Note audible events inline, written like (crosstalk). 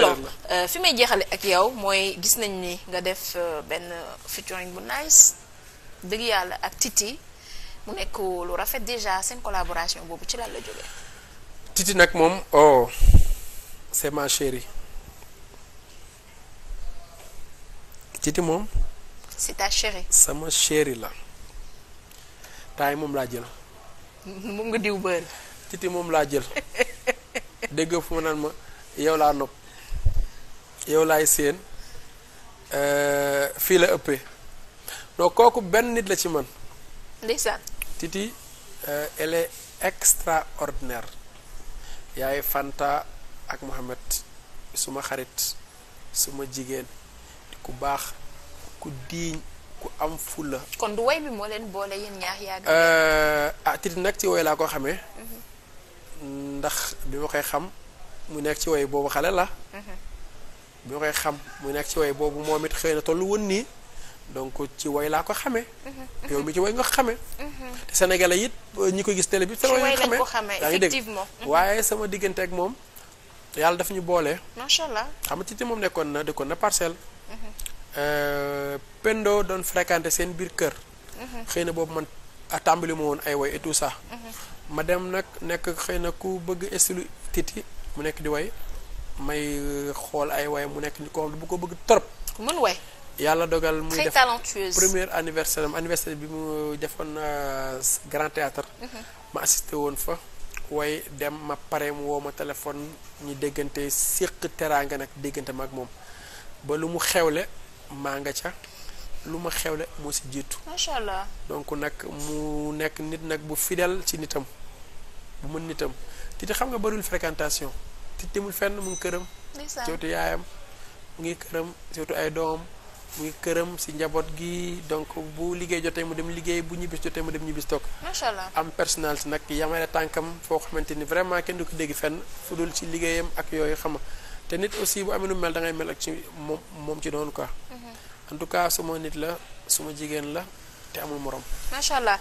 alors euh, fi may jeexale ak yow mooy gis nañ ni nga def euh, benn featuring bu nice dëgg yàlla ak Titi mu nekk lu rafet déjà seen collaboration boobu ci lan la Titi nag moom oh c'est ma chérie Titi moom. sama chérie la. taay moom laa jël. (laughs) moom nga diw bëri. Titi moom laa jël (laughs) dégg fu ma naan ma yow laa nopp. yow laay séen euh, fii la ëppee donc kooku benn nit la ci man ndeysaan Titi euh, elle est extraordinaire yaay Fanta ak Mohamed suma xarit suma jigéen ku baax ku diiñ ku am fulla kon du way bi moo leen boole yéen ñaar yàgg euh, ah Titi nag ci woy laa ko xamee mhm. ndax bi ma koy xam mu nekk ci woy boobu xale la mhm. bi koy xam mu nekk ci way boobu moom it xëy na tollu woon nii donc ci woy laa ko xamee. yow mhm. mi ci woy nga ko mhm. te Sénégalais it euh, ñi ko gis télé bi. ci way lañ ko xamee effectivement waaye sama diggante ak moom yàlla daf ñu boole. macha allah xam nga ci moom nekkoon na dëkkoon na parcelle. Mhm. Euh, Pendo doon frekante seen biir kër. xëy na boobu man tàmbali ma woon ay way et tout ma dem nag nekk xëy na ku bëgg estilu titi mu nekk di woy may euh, xool ay way mu nekk ñu ko bu ko bëgg trop. mën way yàlla dogal muy def premier am anniversaire bi mu defoon euh, grand théâtre mhm. ma woon fa way dem ma pare mu woo ma téléphone ñi déggante séq teraanga nag déggante ma moom ba lu mu xewle maa nga ca lu ma xewle moo si jiitu macha allah donc nag mu nekk nit nag bu fidèle ci nitam mën nitam te xam nga bariwul fréquentation te demul fenn mu ngi këram. surtout yaayam mu ngi këram surtout ay doom mu ngi këram si njaboot gi donc bu liggéey jotee mu dem liggéey bu ñibbis jotee mu dem ñibbis toog. macha allah am personnalité nag yamale tànkam foo xamante ni vraiment kenn du ko dégg fenn fu dul ci liggéeyam ak yooyu xama te nit aussi bu amee nu mel da ngay mel ak ci moom moom ci doonu quoi. Mhm. en tout cas suma nit la suma jigéen la te amul morom.